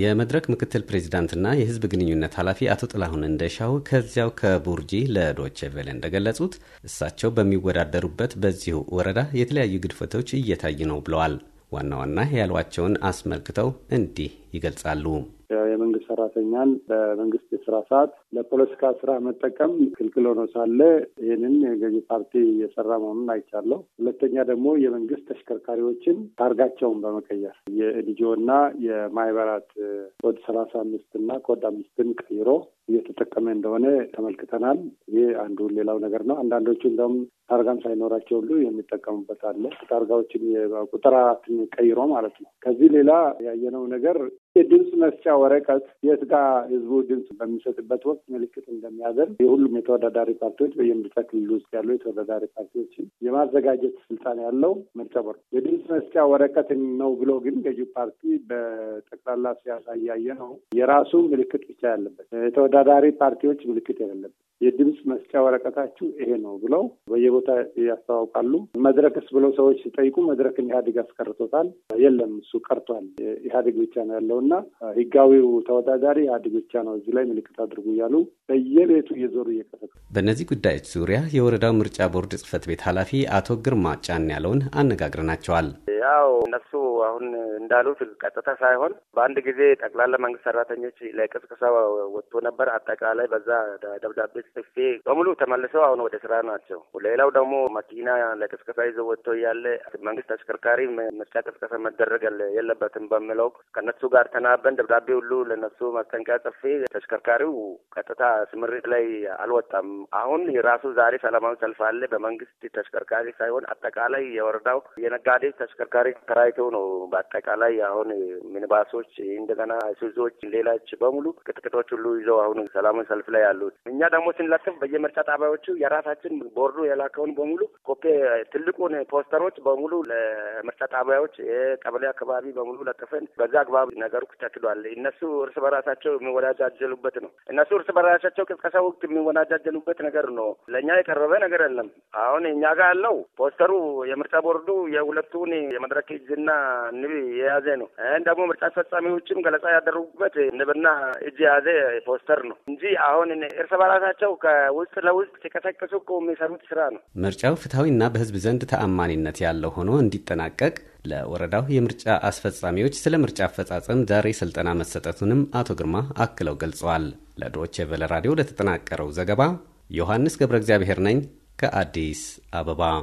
የመድረክ ምክትል ፕሬዚዳንትና የህዝብ ግንኙነት ኃላፊ አቶ ጥላሁን እንደሻው ከዚያው ከቡርጂ ለዶቼ ቬለ እንደገለጹት እሳቸው በሚወዳደሩበት በዚሁ ወረዳ የተለያዩ ግድፈቶች እየታዩ ነው ብለዋል። ዋና ዋና ያሏቸውን አስመልክተው እንዲህ ይገልጻሉ። የመንግስት ሰራተኛን በመንግስት የስራ ሰዓት ለፖለቲካ ስራ መጠቀም ክልክል ሆኖ ሳለ ይህንን ገዢ ፓርቲ እየሰራ መሆኑን አይቻለሁ። ሁለተኛ ደግሞ የመንግስት ተሽከርካሪዎችን ታርጋቸውን በመቀየር የኤልጂኦና የማህበራት ኮድ ሰላሳ አምስት አምስትና ኮድ አምስትን ቀይሮ እየተጠቀመ እንደሆነ ተመልክተናል። ይህ አንዱ ሌላው ነገር ነው። አንዳንዶቹ እንደውም ታርጋም ሳይኖራቸው ሁሉ የሚጠቀሙበት አለ። ታርጋዎችን ቁጥር አራትን ቀይሮ ማለት ነው። ከዚህ ሌላ ያየነው ነገር የድምፅ መስጫ ወረቀት የት ጋር ህዝቡ ድምፅ በሚሰጥበት ወቅት ምልክት እንደሚያደርግ የሁሉም የተወዳዳሪ ፓርቲዎች በየምርጫ ክልል ውስጥ ያሉ የተወዳዳሪ ፓርቲዎችን የማዘጋጀት ስልጣን ያለው ምርጫ ቦርድ የድምፅ መስጫ ወረቀት ነው ብሎ ግን ገዢ ፓርቲ በጠቅላላ እያየ ነው የራሱ ምልክት ብቻ ያለበት፣ የተወዳዳሪ ፓርቲዎች ምልክት የሌለበት የድምፅ የምርጫ ወረቀታችሁ ይሄ ነው ብለው በየቦታ ያስተዋውቃሉ። መድረክስ ብለው ሰዎች ሲጠይቁ መድረክን ኢህአዴግ አስቀርቶታል። የለም እሱ ቀርቷል፣ ኢህአዴግ ብቻ ነው ያለው እና ህጋዊው ተወዳዳሪ ኢህአዴግ ብቻ ነው፣ እዚህ ላይ ምልክት አድርጉ እያሉ በየቤቱ እየዞሩ እየቀረ በእነዚህ ጉዳዮች ዙሪያ የወረዳው ምርጫ ቦርድ ጽህፈት ቤት ኃላፊ አቶ ግርማ ጫን ያለውን አነጋግረናቸዋል። ያው እነሱ አሁን እንዳሉት ቀጥታ ሳይሆን በአንድ ጊዜ ጠቅላላ መንግስት ሰራተኞች ለቅስቅሳ ወጥቶ ነበር። አጠቃላይ በዛ ደብዳቤ ጽፌ በሙሉ ተመልሰው አሁን ወደ ስራ ናቸው። ሌላው ደግሞ መኪና ለቅስቅሳ ይዞ ወጥቶ እያለ መንግስት ተሽከርካሪ ምርጫ ቅስቀሳ መደረግ የለበትም በሚለው ከነሱ ጋር ተናበን ደብዳቤ ሁሉ ለነሱ ማስጠንቀቂያ ጽፌ ተሽከርካሪው ቀጥታ ስምሪት ላይ አልወጣም። አሁን የራሱ ዛሬ ሰላማዊ ሰልፍ አለ በመንግስት ተሽከርካሪ ሳይሆን አጠቃላይ የወረዳው የነጋዴ ተሽከርካሪ ተሽከርካሪ ተከራይተው ነው በአጠቃላይ አሁን ሚኒባሶች፣ እንደገና ሱዞች፣ ሌላች በሙሉ ቅጥቅጦች ሁሉ ይዘው አሁን ሰላማዊ ሰልፍ ላይ ያሉት። እኛ ደግሞ ስንለጥፍ በየምርጫ ጣቢያዎቹ የራሳችን ቦርዱ የላከውን በሙሉ ኮፒ ትልቁን ፖስተሮች በሙሉ ለምርጫ ጣቢያዎች የቀበሌ አካባቢ በሙሉ ለጥፈን በዛ አግባብ ነገሩ ተክሏል። እነሱ እርስ በራሳቸው የሚወዳጃጀሉበት ነው። እነሱ እርስ በራሳቸው ቅስቀሳ ወቅት የሚወዳጃጀሉበት ነገር ነው። ለእኛ የቀረበ ነገር የለም። አሁን እኛ ጋር ያለው ፖስተሩ የምርጫ ቦርዱ የሁለቱን የመድረክ እጅና ንብ የያዘ ነው። ይህን ደግሞ ምርጫ አስፈጻሚዎችም ገለጻ ያደረጉበት ንብና እጅ የያዘ ፖስተር ነው እንጂ አሁን እርስ በራሳቸው ከውስጥ ለውስጥ ሲቀሰቅሱ እኮ የሚሰሩት ስራ ነው። ምርጫው ፍትሐዊና በህዝብ ዘንድ ተአማኒነት ያለው ሆኖ እንዲጠናቀቅ ለወረዳው የምርጫ አስፈጻሚዎች ስለ ምርጫ አፈጻጸም ዛሬ ስልጠና መሰጠቱንም አቶ ግርማ አክለው ገልጸዋል። ለዶቼ ቬለ ራዲዮ ለተጠናቀረው ዘገባ ዮሐንስ ገብረ እግዚአብሔር ነኝ ከአዲስ አበባ